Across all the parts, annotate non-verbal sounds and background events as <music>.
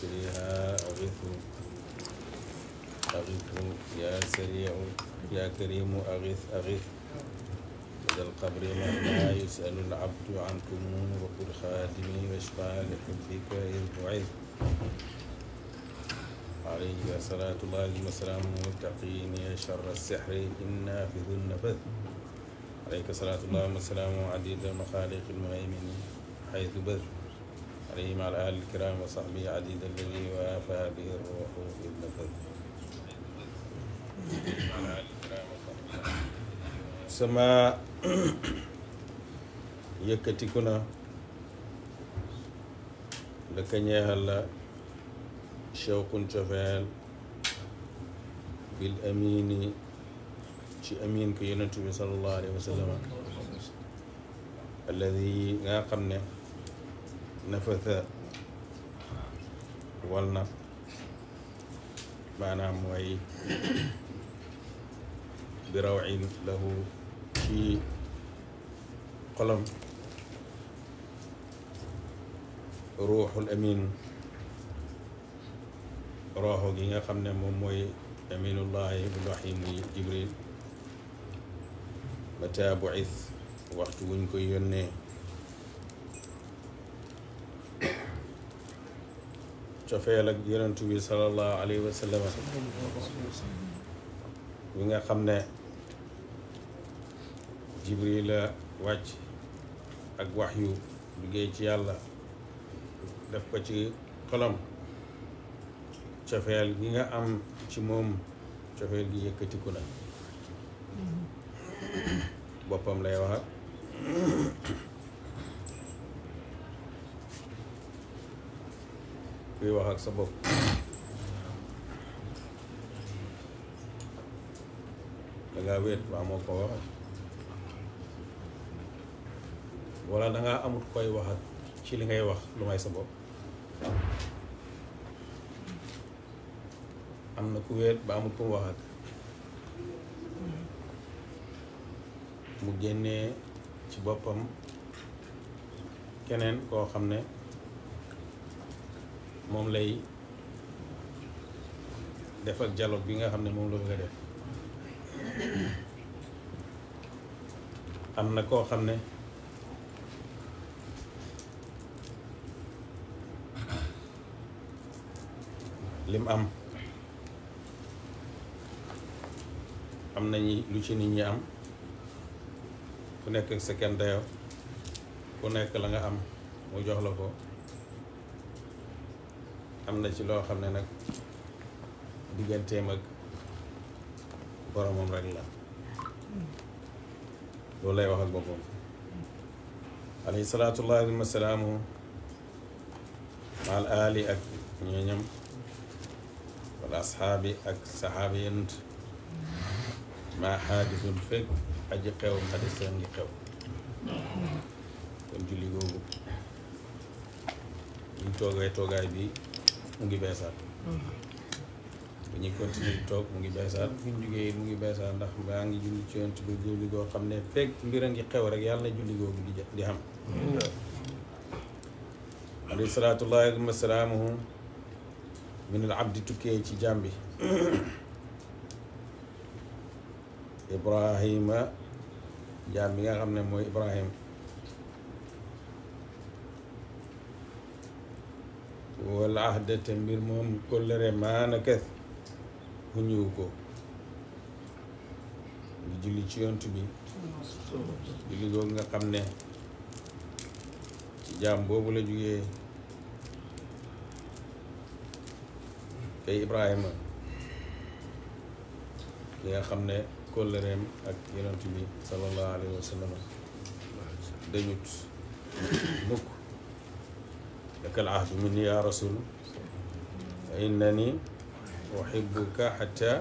سريها أغثوا أغثوا يا سريع يا كريم أغث أغث إلى القبر ما يسأل العبد عن كمون وكل خادمي واشفع لحبك إذ تعذ عليه صلاة الله وسلامه والتقين يا شر السحر إنا في ذو النبذ عليك صلاة الله وسلامه عديد المخالق المهيمن حيث بذل عليه مع الأهل الكرام وصحبه عديد الذي وافى به الروح في النفذ سما يكتي كنا لكن يا هلا شوق تفعل بالأمين شي أمين كي ينتمي صلى الله عليه وسلم الذي ناقمنا نفث ولنا معنا موي دروع له شي قلم روح الامين روحو كيغا خامني موم موي امين الله الرحيم جبريل متى بعث وقت وين كو يوني cofeel ak yonentu bi sallallahu alayhi wa sallam bi nga xam ne jibril la wàcc ak wax yu duggee ci yàlla def ko ci xolam cofeel gi nga am ci moom cofeel gi yëkkatiku na boppam lay wax kuy wax ak sa bopp dangaa wéet waa moo ko wax walla dangaa amut koy wax ci li ngay wax lu may sa bopp am na ku wéet ba amut ku mu mu génnee ci boppam keneen koo xam ne moom lay def ak dialogue bi nga xam ne moom la bëgg a def am na koo xam ne lim am am nañu lu ci nit ñi am ku nekk ak sa kenn ku nekk la nga am mu jox la ko am na ci loo xam ne nag digganteem ak boromam rek la loolu lay wax ak boppam alayhi salaatullahi wa salaamu maal aali ak ñooñam wala asxaabi ak saxaabi yent maa xaadisul fekk aji xew xadis seen ngi xew kon julli googu ñu toogee toogaay bi mu ngi beesaat bu ñuy continuer di toog mu ngi beesaat bu ñu jógee mu ngi beesaat ndax maa ngi julli ci yonent bi julli goo xam ne fekk mbir a ngi xew rek yàlla na julli googu di di xam alayhi salaatullahi wa salaamuhu min al abdi tukkee ci jaam ibrahima jaam nga xam ne mooy wal ahda te mbir moom kóllëre maana kes mu ñëw ko ngi julli ci yont bi julli googu nga xam ne ci jaam boobu la jugee kay Ibrahima ki nga xam ne kóllëreem ak yonent bi sallallahu alayhi wa sallam dañut mukk لك العهد مني يا رسول فإنني أحبك حتى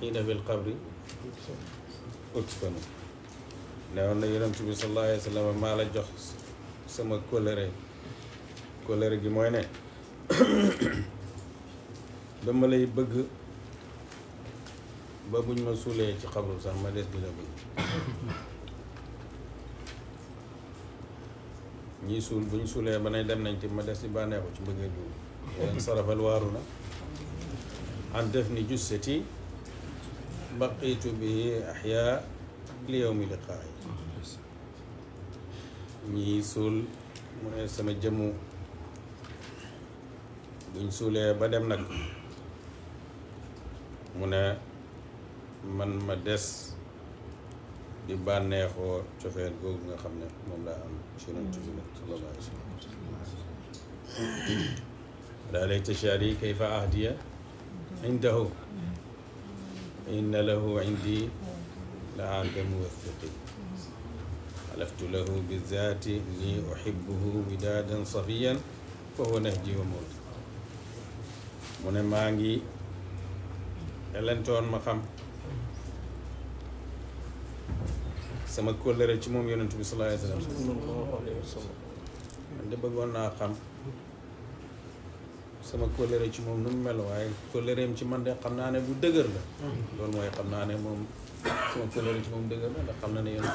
حين في القبر أدفن لأن نعم، النبي صلى الله عليه وسلم ما لا جخ سما كولري كولري جي موي نه <coughs> دما لي بëgg ñii suul bu ñu suulee ba nay dem nañ te ma des ci bànneexu ci mbëggeel boobu leen <laughs> sarafal waaru na an def ni jussati baqiitu bi ahya li yowmi liqaayi ñii suul mu ne sama jëmmu buñ suulee ba dem nag mu ne man ma des di bànneexoo cofeel googu nga xam ne moom laa am ci yonent bi nag sallallahu alayhi wa sallam laa layta shaari kayfa ahdiya indahu inna lahu indi la aadamu wathiqi xalaftu lahu bizaati ni uxibuhu widaadan safiyan fa huwa nahji wa mawt mu ne maa ngi elentoon ma xam sama kóllëre ci moom yonent bi sallallahu alayhi wa sallam man de bëggoon naa xam sama kóllëre ci moom nu mu mel ci man de xam naa ne bu dëgër la loolu mooy xam naa ne moom sama kóllëre ci moom dëgër la ndax xam na ne yonent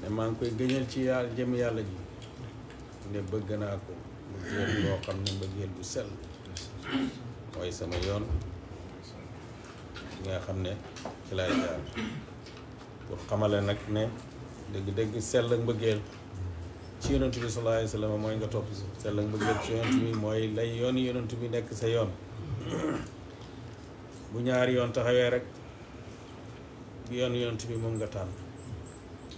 bi maa ngi koy gëñal ci yàlla jëm yàlla ji ne bëgg naa ko mbëggeel loo xam ne mbëggeel bu sel mooy sama yoon nga xam ne ci jaar pour xamale nag ne dëgg-dëgg sell ak mbëggeel ci yonent bi sallallahu alayhi wa sallam mooy nga topp si sell ak mbëggeel ci yonent bi mooy lay yoon yonent bi nekk sa yoon bu ñaari yoon taxawee rek yoon yonent bi moom nga tànn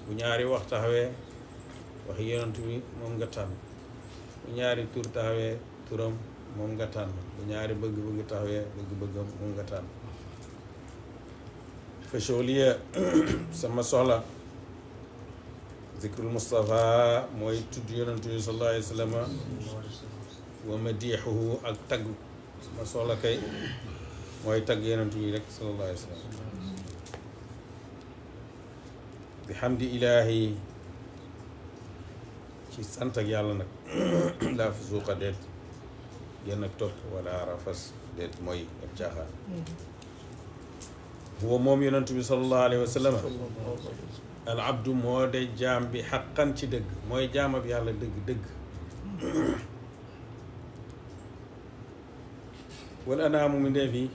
bu ñaari wax taxawee wax yonent bi moom nga tànn tur taxawee turam moom nga tànn bu ñaari bëgg-bëgg taxawee bëgg-bëggam moom nga tànn فشولية سما سهلة ذكر المصطفى موي تود يونتو صلى الله عليه وسلم ومديحه اك تاغ سما سهلة كاي موي تاغ يونتو رك صلى الله عليه وسلم بحمد إلهي ci sant ak yàlla nag laa fi suuqa deet genn ak topp wala rafas هو مؤمن أنتم صلى الله عليه وسلم العبد مود جام بحقا تدق مود جام بيال دق دق والأنام من ذي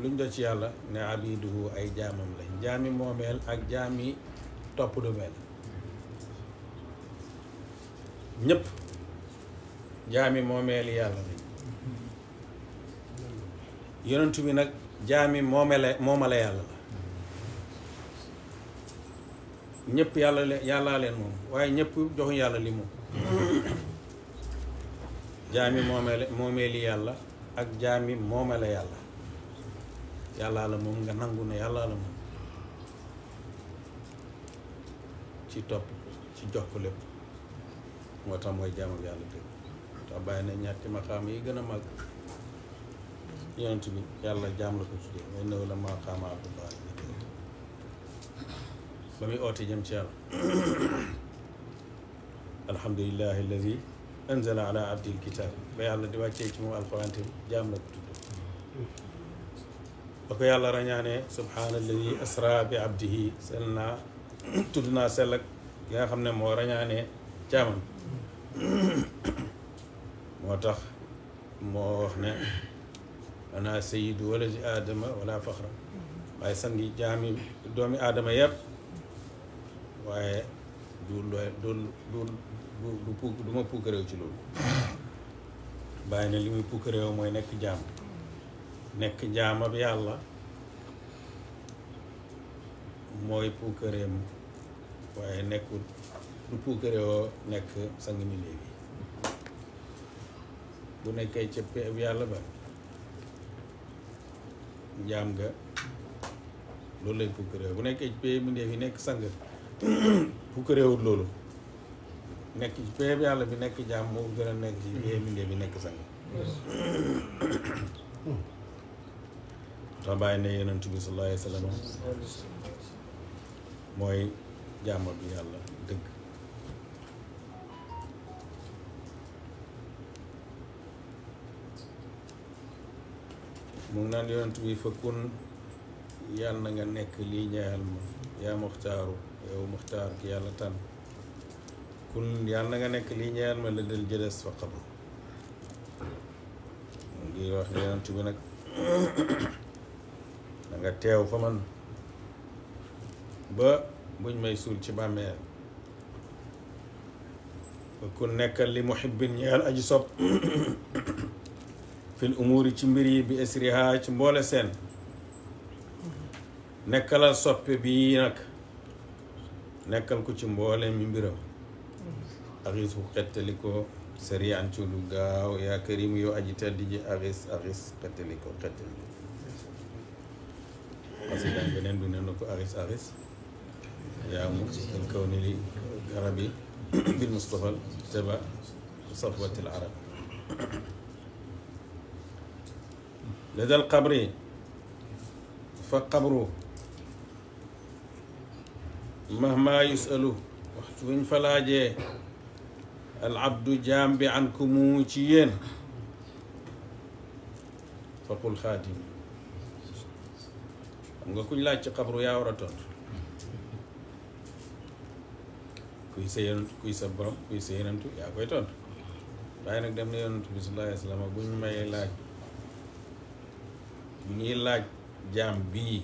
لنجا تيالا نعبيده أي جام ملي جامي مومل أك جامي توب دومل نب جامي مومل يالا يونتو بي نك jaami moomale moomale yàlla la ñëpp yàlla leen yàllaa leen moom waaye ñëpp joxuñ yàlla li moom jaami moomee li yàlla ak jaami moomale yàlla yàllaa la moom nga nangu ne yàllaa la moom ci topp ci jox ko lépp moo tax mooy jaam ak yàlla dëgg tax bàyyi na ñetti maqaam yi gën a màgg yonent bi yàlla jaam la ko tuddee may nëw la maa xaama abdullah ba muy oote jëm ci yàlla alhamdulilahi alladi anzala ala abdi alkitab ba yàlla di wàccee ci moom alquran te jaam la ko tuddee ba ko yàlla rañaane subhaana alladi asra bi abdihi sell naa <clears throat> tudd naa sell ak ki nga xam ne moo rañaane jaamam <clears throat> moo tax moo wax ne ana sayyidu wala ji aadama wala faxra waaye sangi jaami doomi aadama yëpp waaye du looy du du du du du ma puukaréew ci loolu bàyyi na li muy puukaréew mooy nekk jaam nekk jaamab yàlla mooy puukaréem waaye nekkul du puukaréewoo nekk sang mi léegi bu nekkee ca peeb yàlla ba njaam nga loolu lañ puukkaree bu nekkee ci pay mu ndee nekk sang puukkareewut <coughs> loolu nekk ci pay yàlla bi nekk jaam moo gën a nekk ci pay mu bi nekk sang tax bàyyi ne yonent bi mooy jaamal bi yàlla mu ngi naan yonent bi fa kun yàlla na nga nekk lii ñaayal ma yaa muxtaaru yow muxtaar ki yàlla tànn kun yàlla na nga nekk lii ñaayal ma la del jëlees fa xam mu ngi wax yonent bi nag na nga teew fa man ba buñ may suul ci bàmmeel fa kun nekkal li muhibbin ñaayal aji sopp في الأمور تمبري بأسرها تمبولة سن نكال صوبي بينك نكال كتمبولة من برم أغيس قتلكو سريعا تلوغا ويا كريم يو أجيتا دي أغيس أغيس قتلكو قتلكو قصيدا بنين بنين لكو أغيس أغيس يا مؤسس الكون لي غربي بالمصطفى سبا صفوة العرب Thank you. ladal qabri fa qabru mahma yusalu waxtu wuñ fa laajee al abdu jaam bi an ku mu ci yéen fa qul xaatim xam nga kuñ laaj ci xabru yaa war tontu kuy sa yonent kuy sa borom kuy sa yonentu yaa koy tontu waaye nag dem na yonentu bi sallallahu alayhi bu sallam may laaj bu ñuy laaj jaam bi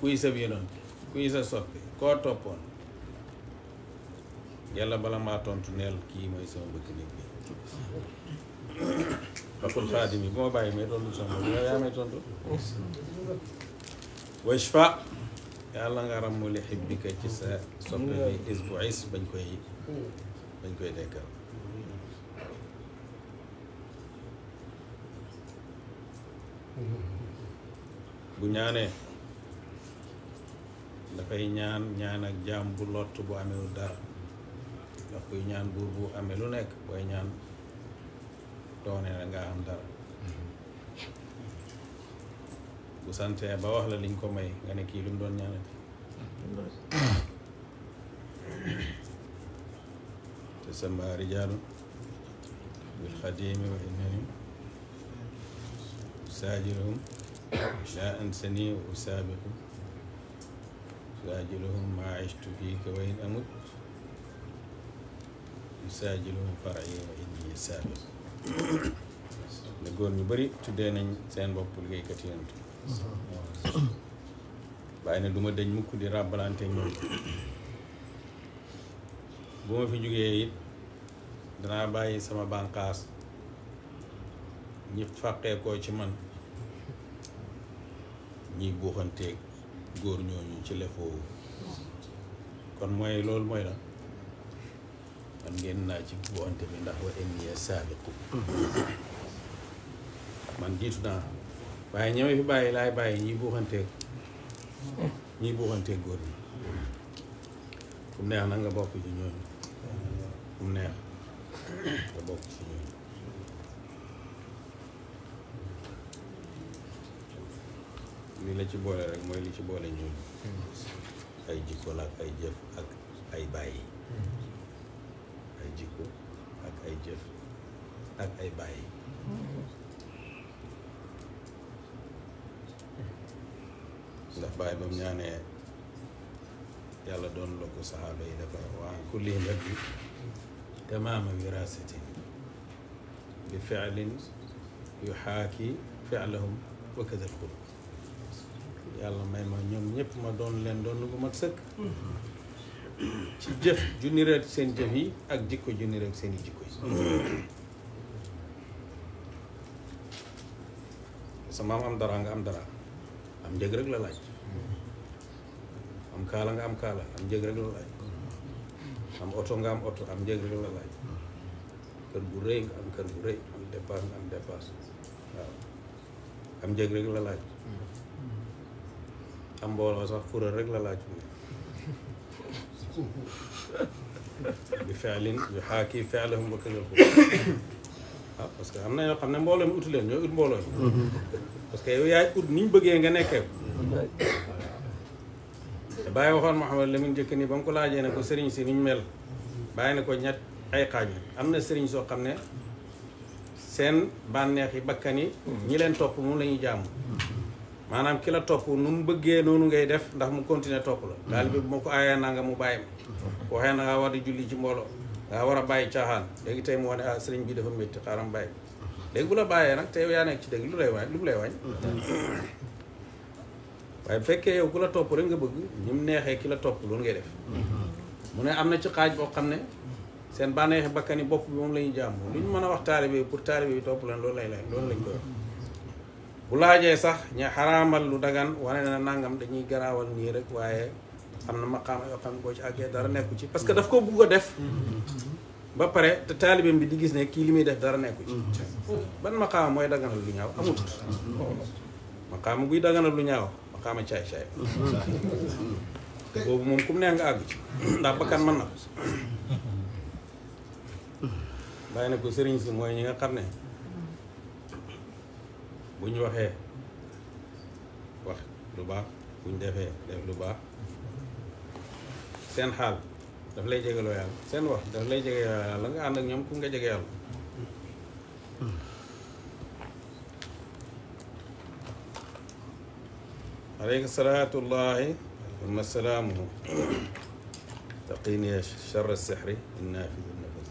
kuy sa yonante kuy sa soppe koo toppoon yàlla bala maa tontu neel kii mooy sama bëgg nit bi waxul xaadim yi tontu sama yow yaa may tontu washfa yàlla nga ci sa soppe bi is is bañ koy bañ koy dekkal bu ñaanee dafay ñaan ñaan ak jaam bu lot bu amewul dara ndax kuy ñaan buur bu amee lu nekk booy ñaan doone nga am dara bu santee ba wax la liñ ko may nga ne kii lum doon ñaanati te sama rijaalu bil xadiimi wa innani ساجلهم لا أنسني وأسابق ساجلهم ما عشت فيك وإن أمت يساجلهم فرعي وإني سابق da góor ñu bari tuddee nañ seen bopp liggéeykat yonent waaye ne du ma dëñ mukk di ràbbalante ñoom bu ma sama bangkas. ñi fàqee ko ci man ñi buuxanteeg góor ñooñu ci lefoowu kon mooy loolu mooy la man ngeen naa ci buuxante bi ndax wa enniyee saabiqu man jiitu naa waaye ñëwee fi bàyyi laay bàyyi ñi buuxanteeg ñi buuxanteeg góor ñi fu mu neex na nga bokk ci ñooñu fu mu neex nga bokk ci ñooñu li la ci boole rek mooy li ci boole ñun ay jikko la ak ay jëf ak ay bàyyi ay jikko ak ay jëf ak ay bàyyi ndax bàyyi ba mu ñaanee yàlla doon la ko saxaaba yi dafa waa ku lii la bi tamaama wirasatin bi fi'lin yuxaaki fi'lahum wa kadal xulq yàlla may ma ñoom ñëpp ma doon leen doon lu bu mag sëkk ci jëf ju niroog seen jëf yi ak jikko ju niroog seen jikko yi sama am am dara nga am dara am njëg rek la laaj am kala, nga am kaala am njëg rek la laaj am otong nga am otong, am njëg rek la laaj kër nga am kër gu am dépasse nga am dépasse am njëg rek la laaj am mbooloo sax fural rek la laaj bi feelin yu xaakii feelahum ba këgal ko waaw <coughs> ah, que am na ñoo xam ne mbooloo mi uti leen ñoo ut mbooloo mi mm-hmm. parce que yow yaay ut ni ñu bëggee nga nekkee ko te bàyyi waxoon Mouhamed la mu jëkk ni ba mu ko laajee ne ko sëriñ si niñ mel bàyyi na ko ñett ay xaaj la am na sëriñ soo xam ne seen bànneex yi bakkan yi ñi leen topp moom la ñuy jàmm maanaam ki la topp nu mu bëggee noonu ngay def ndax mu continuer topp la daal bi moo ko aayee nanga mu bàyyi ma waxee na war a julli ci mbooloo ngaa war a bàyyi caaxaan léegi tey mu wane ah sëriñ bi dafa métti xaaram bàyyi ma léegi bu la bàyyee nag tey yaa nekk ci dëgg lu lay wañ lu lay wañ waaye bu fekkee yow ku la topp rek nga bëgg ñu neexee ki la topp loolu ngay def mu ne am na ci xaaj boo xam ne seen bànneexe bakkani bopp bi moom la ñuy jàmm luñ mën a wax taalibe yi pour taalibe yi topp leen loolu lay lay loolu lañ ko wax bu laajee sax ña xaraamal lu dagan wane na nangam dañuy garaawal nii rek waaye am na maqaama yoo xam ci àggee dara nekku ci parce que dafa ko bugg def ba pare te taalibeem bi di gis ne kii li muy def dara nekku ci ban maqaama mooy daganal lu ñaaw amut maqaama guy dagana lu ñaaw maqaama caay caay boobu moom ku mu neex nga àgg ci ndax bakkan mën na ko bàyyi na ko sëriñ si mooy ñi nga xam ne bu ñu waxee wax lu baax bu ñu defee def lu baax seen xaal daf lay jegeloo yàlla seen wax daf lay jege yàlla la nga ànd ak ñoom ku nga jege yàlla عليك صلاة الله ثم سلامه تقيني شر السحر النافذ النفس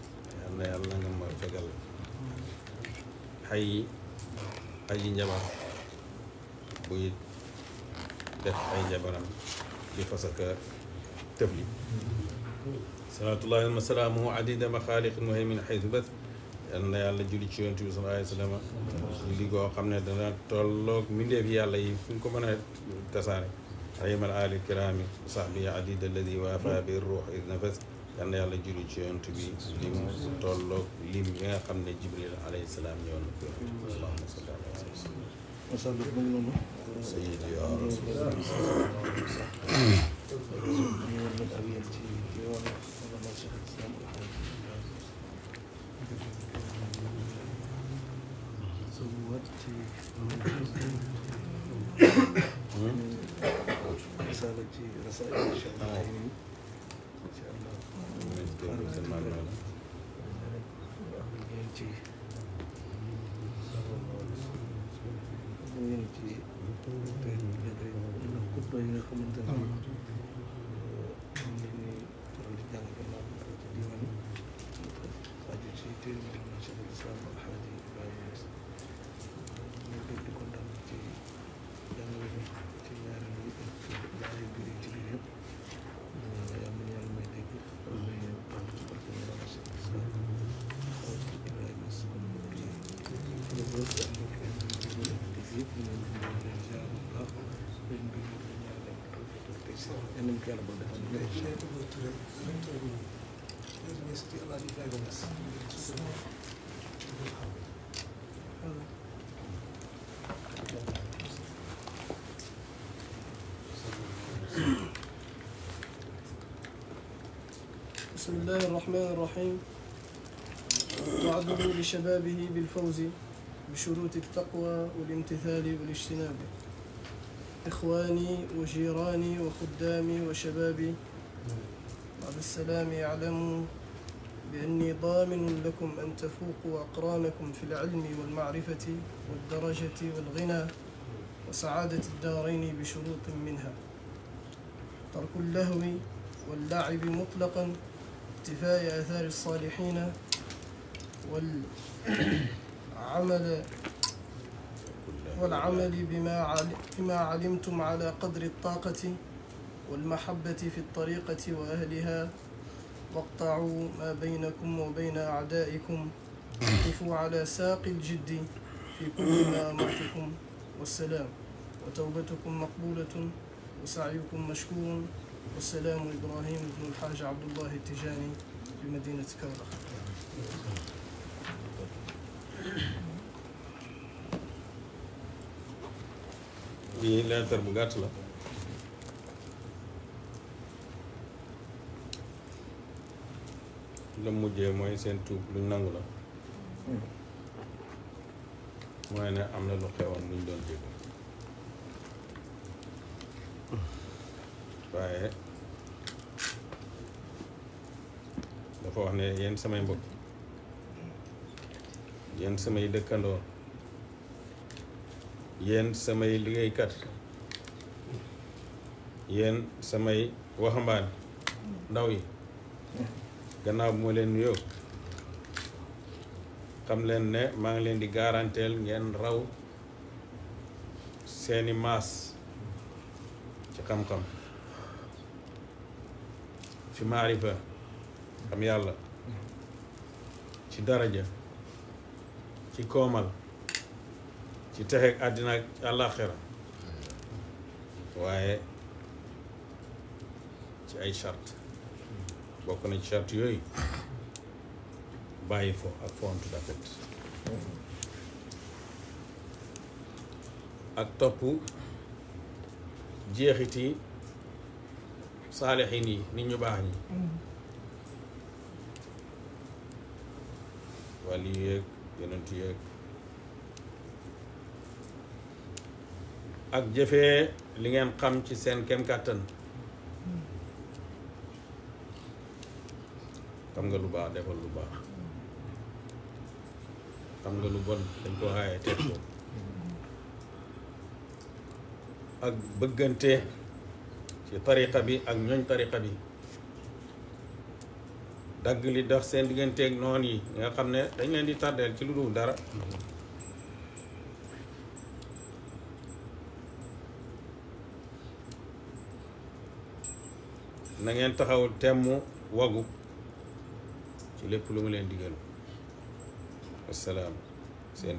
لأن يلا نمر فقل حي aji njabar buy def ay njabaram di fasaka tëbli salaatullahi wasalaamuhu adida maxaaliq muhaymin xaytu bas yal na yàlla julli ci yonent bi sallallahu alayhi wa sallam julli goo xam ne dana tolloog mbindeef yàlla yi fu ñu ko mën a tasaare aymal ali kiraami sahbi adida alladi waafa bi ruux id nafas yal na yàlla juru ci yonent bi li mu tolloog lim bi nga xam ne jibril alayhi salaam ñëw na ko yonent allahumma salli ala sayyidina sayyidi ya rasul incha allah. بسم الله الرحمن الرحيم وعده لشبابه بالفوز بشروط التقوى والامتثال والاجتناب إخواني وجيراني وخدامي وشبابي بعد السلام يعلموا بأني ضامن لكم أن تفوقوا أقرانكم في العلم والمعرفة والدرجة والغنى وسعادة الدارين بشروط منها ترك اللهو واللعب مطلقا اقتفاء آثار الصالحين والعمل والعمل بما علم علمتم على قدر الطاقة والمحبة في الطريقة وأهلها واقطعوا ما بينكم وبين أعدائكم وقفوا على ساق الجد في كل ما أمرتكم والسلام وتوبتكم مقبولة وسعيكم مشكور والسلام إبراهيم بن الحاج عبد الله التجاني مدينة كرخ lii leetar bu gàtt la la mujjee mooy seen tuub luñ nangu la mooy ne am na lu xewoon luñ doon dégg waaye dafa wax ne yéen samay mbokk yéen samay dëkkandoor yéen samay liggéeykat yéen samay waxambaan ndaw yi gannaaw bu ma leen nuyoo xam leen ne maa ngi leen di garanteel ngeen raw seeni maas ci xam-xam ci maarifa xam yàlla ci daraja ci koomal ci texeeg àddina ak àllaaxira waaye ci ay charte bokk na ci charte yooyu bàyyi fo ak fontu dafet ak topp jeexiti saalixin yi nit ñu baax ñi mm-hmm. wàllu yeeg yonent yeeg ak jëfee li ngeen xam ci seen kem kàttan xam nga lu baax defal lu baax xam nga lu bon dañ ko aaye teg ko ak bëggante ci tariqa bi ak ñooñ tariqa bi dagg li dox seen digganteeg noon yi nga xam ne dañ leen di tardeel ci lu dul dara nangeen ngeen taxaw temm wagu ci lépp lu mu leen digal wasalaam seen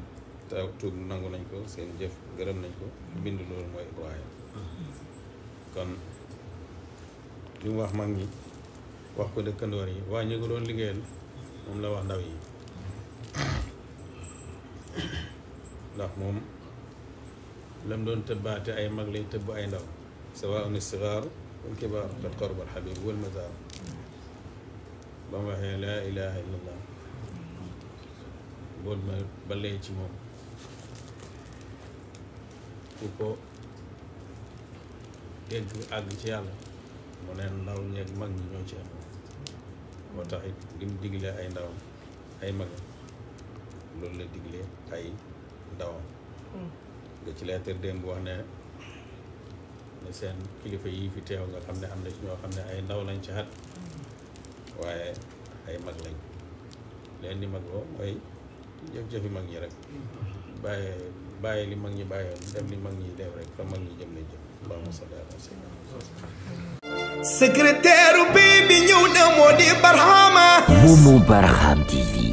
taw tuub nangu nañ ko seen jëf gërëm nañ ko bind loolu mooy Ibrahima kon li mu wax mag ñi wax ko dëkkandoor yi waa ñu ko moom la wax ndaw yi ndax moom lam doon tëbbaate ay mag lay tëbb ay ndaw sawa un sixaaru والكبار كالقرب الحبيب والمزار ba mu waxee laa ilaha illallah bool ma balee ci moom ku ko dégg àgg ci yàlla mu ne ndaw ñeeg mag ñi ñoo ci am moo tax it li mu diglee ay ndawam ay magam loolu la diglee ay ndawam nga ci leetar démb wax ne ne seen kilifa yii fi teew nga xam ne am na ci ñoo xam ne ay ndaw lañ ci xat waaye ay mag lañ leen di mag boo mooy jëf-jëfi mag ñi rek bàyyi li mag ñi bàyyoon dem li mag ñi dem rek fa mag ñi jëm lañ jëm allahumma salli bi ñëw na moo di Barhama. Momo Barham TV